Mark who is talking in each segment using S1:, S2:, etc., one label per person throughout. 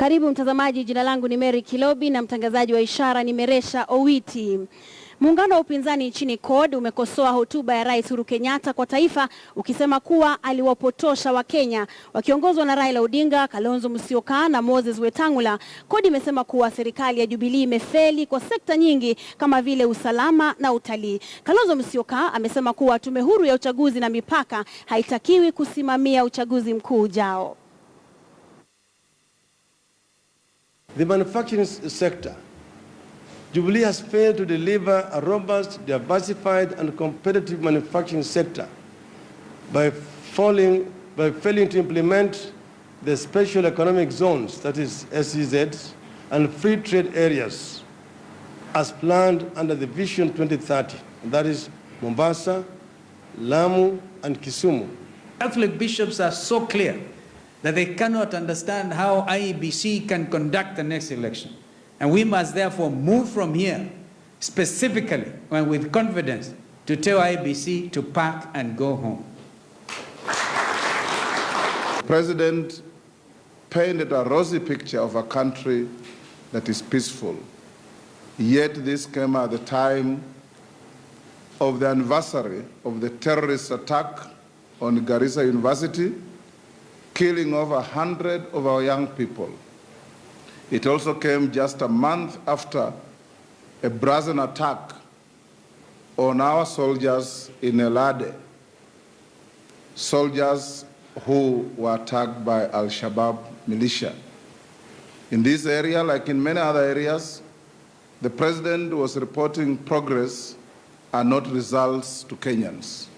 S1: Karibu mtazamaji, jina langu ni Mary Kilobi na mtangazaji wa ishara ni Meresha Owiti. Muungano wa upinzani nchini CORD umekosoa hotuba ya Rais Uhuru Kenyatta kwa taifa ukisema kuwa aliwapotosha Wakenya. Wakiongozwa na Raila Odinga, Kalonzo Musyoka na Moses Wetang'ula, CORD imesema kuwa serikali ya Jubilee imefeli kwa sekta nyingi kama vile usalama na utalii. Kalonzo Musyoka amesema kuwa tume huru ya uchaguzi na mipaka haitakiwi kusimamia uchaguzi mkuu ujao.
S2: The manufacturing sector. Jubilee has failed to deliver a robust, diversified, and competitive manufacturing sector by, falling, by failing to implement the special economic zones, that is SEZs, and free trade areas as planned under the Vision 2030, that is Mombasa, Lamu, and Kisumu.
S3: Catholic bishops are so clear that they cannot understand how IEBC can conduct the next election. And we must therefore move from here specifically and with confidence to tell IEBC to pack and go home.
S2: president painted a rosy picture of a country that is peaceful. Yet this came at the time of the anniversary of the terrorist attack on Garissa University killing over 100 of our young people. It also came just a month after a brazen attack on our soldiers in Elade, soldiers who were attacked by Al Shabaab militia. In this area, like in many other areas, the president was reporting progress and not results to Kenyans.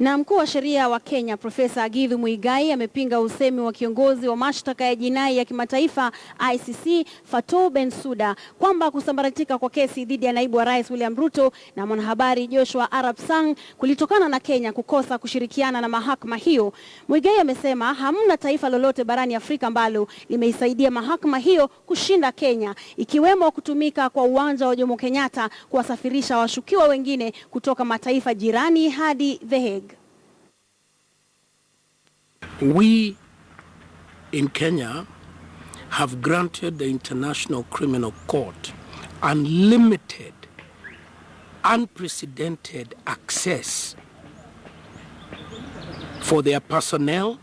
S1: Na mkuu wa sheria wa Kenya Profesa Githu Muigai amepinga usemi wa kiongozi wa mashtaka ya jinai ya kimataifa ICC Fatou Bensouda kwamba kusambaratika kwa kesi dhidi ya naibu wa rais William Ruto na mwanahabari Joshua Arap Sang kulitokana na Kenya kukosa kushirikiana na mahakama hiyo. Muigai amesema hamna taifa lolote barani Afrika ambalo limeisaidia mahakama hiyo kushinda Kenya, ikiwemo kutumika kwa uwanja wa Jomo Kenyatta kuwasafirisha washukiwa wengine kutoka mataifa jirani hadi The Hague.
S3: We in Kenya have granted the International Criminal Court unlimited, unprecedented access for their personnel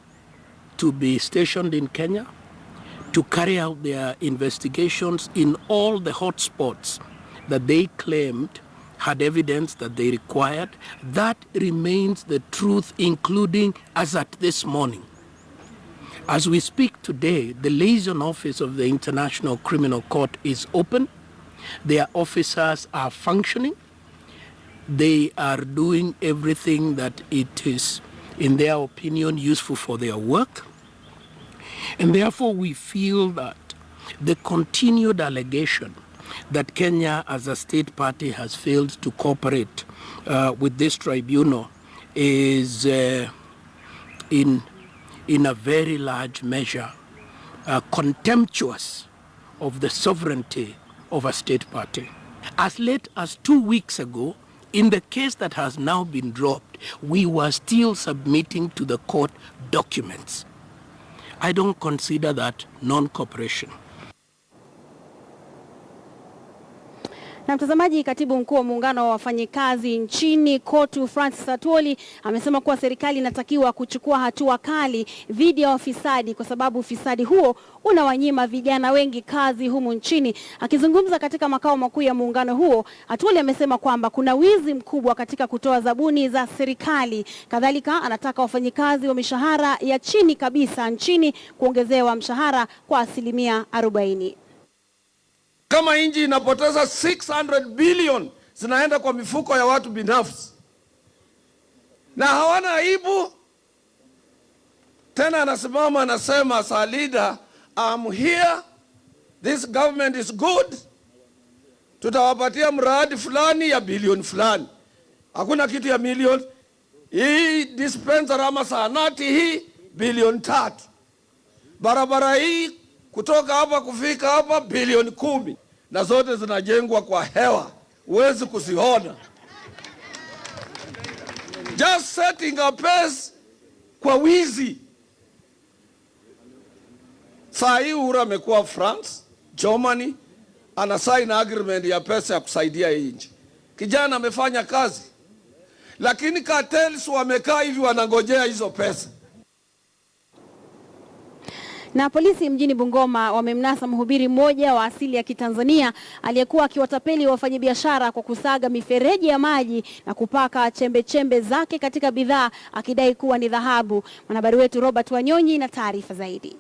S3: to be stationed in Kenya to carry out their investigations in all the hotspots that they claimed had evidence that they required. That remains the truth, including as at this morning. As we speak today, the liaison office of the International Criminal Court is open. Their officers are functioning. They are doing everything that it is, in their opinion, useful for their work. And therefore, we feel that the continued allegation that Kenya as a state party has failed to cooperate uh, with this tribunal is uh, in, in a very large measure uh, contemptuous of the sovereignty of a state party. As late as two weeks ago, in the case that has now been dropped, we were still submitting to the court documents. I don't consider that non-cooperation.
S1: Na mtazamaji, katibu mkuu wa muungano wa wafanyikazi nchini KOTU Francis Atwoli amesema kuwa serikali inatakiwa kuchukua hatua kali dhidi ya wafisadi kwa sababu ufisadi huo unawanyima vijana wengi kazi humu nchini. Akizungumza katika makao makuu ya muungano huo, Atwoli amesema kwamba kuna wizi mkubwa katika kutoa zabuni za serikali. Kadhalika, anataka wafanyikazi wa mishahara ya chini kabisa nchini kuongezewa mshahara kwa asilimia arobaini.
S4: Kama nchi inapoteza 600 billion zinaenda kwa mifuko ya watu binafsi na hawana aibu tena. Anasimama anasema, as a leader I'm here, this government is good, tutawapatia mradi fulani ya bilioni fulani. Hakuna kitu ya milioni hii, dispensa ama saanati hii bilioni tatu, barabara hii kutoka hapa kufika hapa bilioni kumi, na zote zinajengwa kwa hewa, huwezi kuziona. Just setting a pace kwa wizi. Saa hii Uhuru amekuwa France, Germany, ana sign agreement ya pesa ya kusaidia hii nchi. Kijana amefanya kazi, lakini cartels wamekaa hivi wanangojea hizo pesa.
S1: Na polisi mjini Bungoma wamemnasa mhubiri mmoja wa asili ya Kitanzania aliyekuwa akiwatapeli wafanyabiashara kwa kusaga mifereji ya maji na kupaka chembe chembe zake katika bidhaa akidai kuwa ni dhahabu. Mwanahabari wetu Robert Wanyonyi na taarifa zaidi.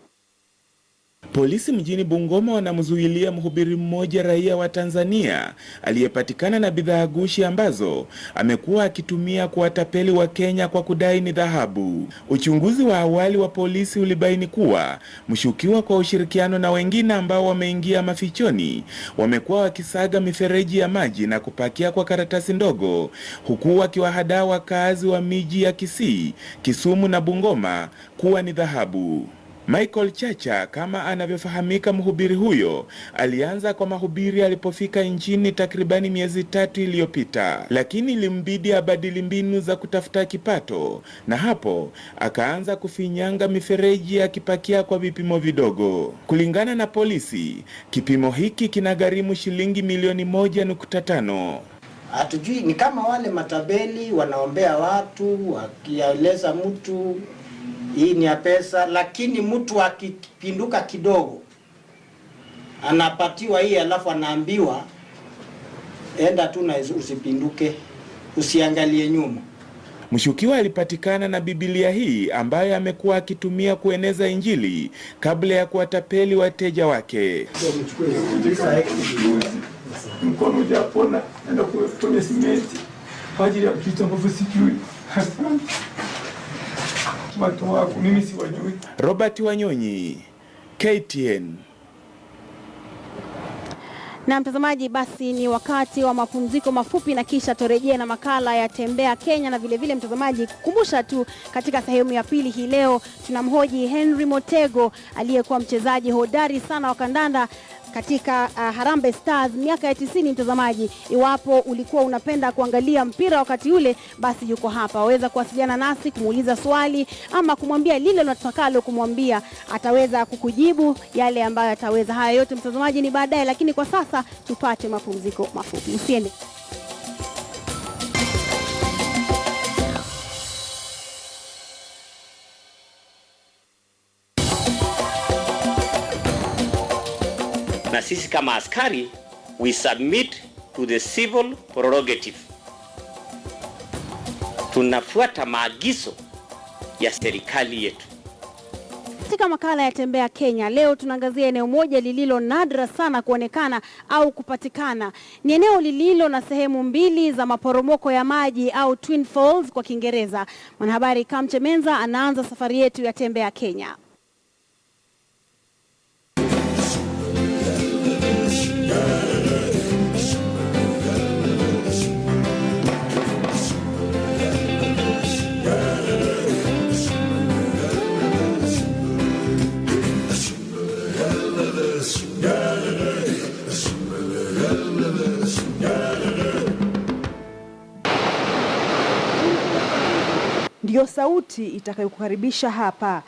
S5: Polisi mjini Bungoma wanamzuilia mhubiri mmoja raia wa Tanzania aliyepatikana na bidhaa gushi ambazo amekuwa akitumia kuwatapeli wa Kenya kwa kudai ni dhahabu. Uchunguzi wa awali wa polisi ulibaini kuwa mshukiwa kwa ushirikiano na wengine ambao wameingia mafichoni wamekuwa wakisaga mifereji ya maji na kupakia kwa karatasi ndogo huku wakiwahadaa wakazi wa miji ya Kisii, Kisumu na Bungoma kuwa ni dhahabu. Michael Chacha kama anavyofahamika, mhubiri huyo alianza kwa mahubiri alipofika nchini takribani miezi tatu iliyopita, lakini ilimbidi abadili mbinu za kutafuta kipato, na hapo akaanza kufinyanga mifereji akipakia kwa vipimo vidogo. Kulingana na polisi, kipimo hiki kinagharimu shilingi milioni moja nukta tano.
S6: Hatujui ni kama wale matabeli wanaombea watu wakieleza mtu hii ni ya pesa, lakini mtu akipinduka kidogo anapatiwa hii, alafu anaambiwa enda tu na usipinduke, usiangalie nyuma.
S5: Mshukiwa alipatikana na Biblia hii ambayo amekuwa akitumia kueneza Injili kabla ya kuwatapeli wateja wake.
S7: Mkono enda kwenye simenti kwa ajili ya ambavyo sijui
S8: watu wako mimi siwajui. Robert Wanyonyi, KTN.
S1: Na mtazamaji, basi ni wakati wa mapumziko mafupi na kisha torejea na makala ya Tembea Kenya. Na vilevile mtazamaji, kukumbusha tu katika sehemu ya pili hii leo tunamhoji Henry Motego aliyekuwa mchezaji hodari sana wa kandanda katika uh, Harambe Stars miaka ya tisini. Mtazamaji, iwapo ulikuwa unapenda kuangalia mpira wakati ule, basi yuko hapa, waweza kuwasiliana nasi kumuuliza swali ama kumwambia lile unatakalo kumwambia, ataweza kukujibu yale ambayo ataweza. Haya yote mtazamaji ni baadaye, lakini kwa sasa tupate mapumziko mafupi, usiende.
S9: sisi kama askari we submit to the civil prerogative, tunafuata maagizo ya serikali yetu.
S1: Katika makala ya Tembea Kenya leo tunaangazia eneo moja lililo nadra sana kuonekana au kupatikana. Ni eneo lililo na sehemu mbili za maporomoko ya maji au Twin Falls kwa Kiingereza. Mwanahabari Kamche Menza anaanza safari yetu ya Tembea Kenya. sauti itakayokukaribisha hapa,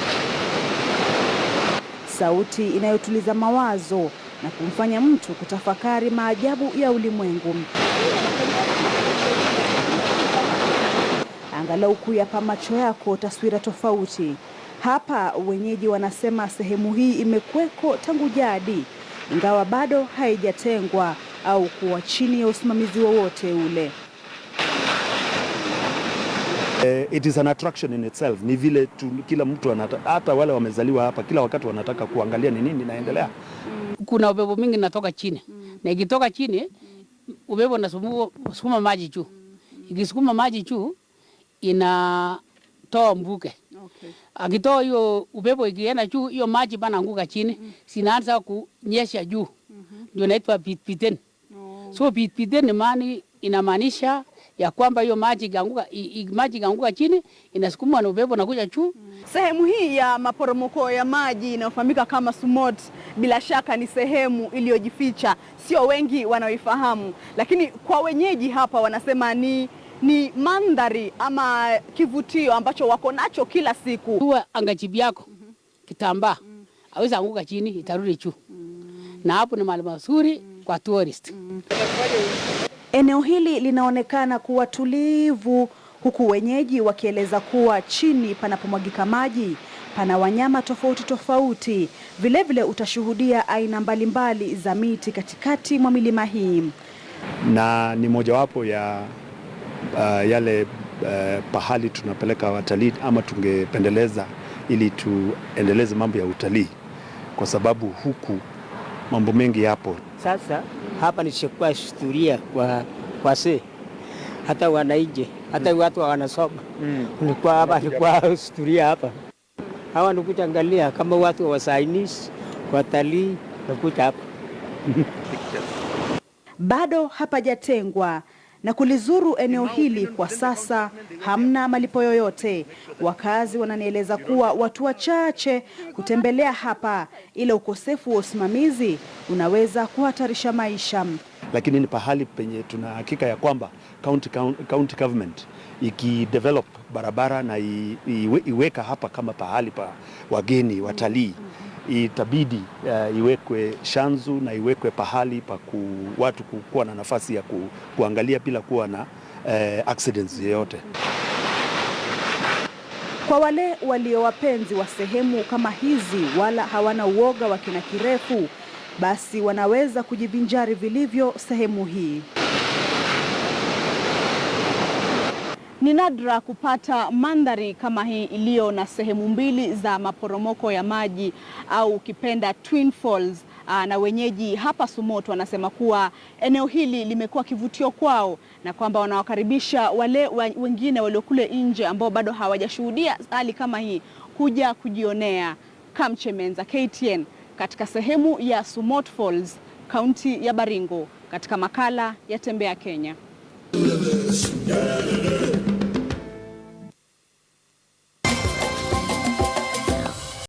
S1: sauti inayotuliza mawazo na kumfanya mtu kutafakari maajabu ya ulimwengu, angalau kuyapa macho yako taswira tofauti. Hapa wenyeji wanasema sehemu hii imekweko tangu jadi, ingawa bado haijatengwa au kuwa chini ya usimamizi wowote ule.
S10: Eh, it is an attraction in itself. Ni vile tu, kila mtu anata, hata wale wamezaliwa hapa kila wakati wanataka kuangalia ni nini inaendelea.
S11: Kuna upepo mingi natoka chini mm. na ikitoka chini upepo nasukuma maji juu, mm. ikisukuma maji juu inatoa mvuke okay. Akitoa hiyo upepo ikienda juu, hiyo maji bana anguka chini, mm. sinaanza kunyesha juu, mm-hmm. ndio naitwa pitpiten. Oh. So pitpiten ni maana inamaanisha ya kwamba hiyo maji ganguka maji ganguka chini inasukumwa na upepo nakuja juu.
S12: Sehemu hii ya maporomoko ya maji inayofahamika kama Sumot, bila shaka ni sehemu iliyojificha, sio wengi wanaoifahamu, lakini kwa wenyeji hapa wanasema ni ni mandhari ama kivutio ambacho wako nacho kila siku.
S11: Huwa angajibi yako kitambaa aweza anguka chini itarudi juu, na hapo ni mahali mazuri kwa tourist. mm
S1: -hmm. Eneo hili linaonekana kuwa tulivu huku wenyeji wakieleza kuwa chini panapomwagika maji pana wanyama tofauti tofauti. Vilevile vile utashuhudia aina mbalimbali za miti katikati mwa milima hii,
S13: na ni mojawapo ya uh, yale uh, pahali tunapeleka watalii ama tungependeleza ili tuendeleze mambo ya utalii, kwa sababu huku mambo mengi yapo
S14: sasa hapa ni chakua historia kwa kwa se hata wanaije hata mm. watu wanasoma mm. ulikuwa hapa ilikuwa historia hapa. Hawa nikuja angalia kama watu wa wasainisi watalii nikuja hapa
S1: bado hapajatengwa na kulizuru eneo hili kwa sasa hamna malipo yoyote. Wakazi wananieleza kuwa watu wachache hutembelea hapa, ila ukosefu wa usimamizi unaweza kuhatarisha maisha.
S13: Lakini ni pahali penye tuna hakika ya kwamba county, county government ikidevelop barabara na iweka hapa kama pahali pa wageni watalii itabidi uh, iwekwe shanzu na iwekwe pahali pa watu kuwa na nafasi ya ku, kuangalia bila kuwa na uh, accidents yoyote.
S1: Kwa wale walio wapenzi wa sehemu kama hizi wala hawana uoga wa kina kirefu, basi wanaweza kujivinjari vilivyo sehemu hii. Ni nadra kupata mandhari kama hii iliyo na sehemu mbili za maporomoko ya maji au ukipenda Twin Falls, na wenyeji hapa Sumot wanasema kuwa eneo hili limekuwa kivutio kwao na kwamba wanawakaribisha wale wengine walio kule nje ambao bado hawajashuhudia hali kama hii kuja kujionea. Kamche Menza, KTN, katika sehemu ya Sumot Falls, kaunti ya Baringo, katika makala ya Tembea Kenya.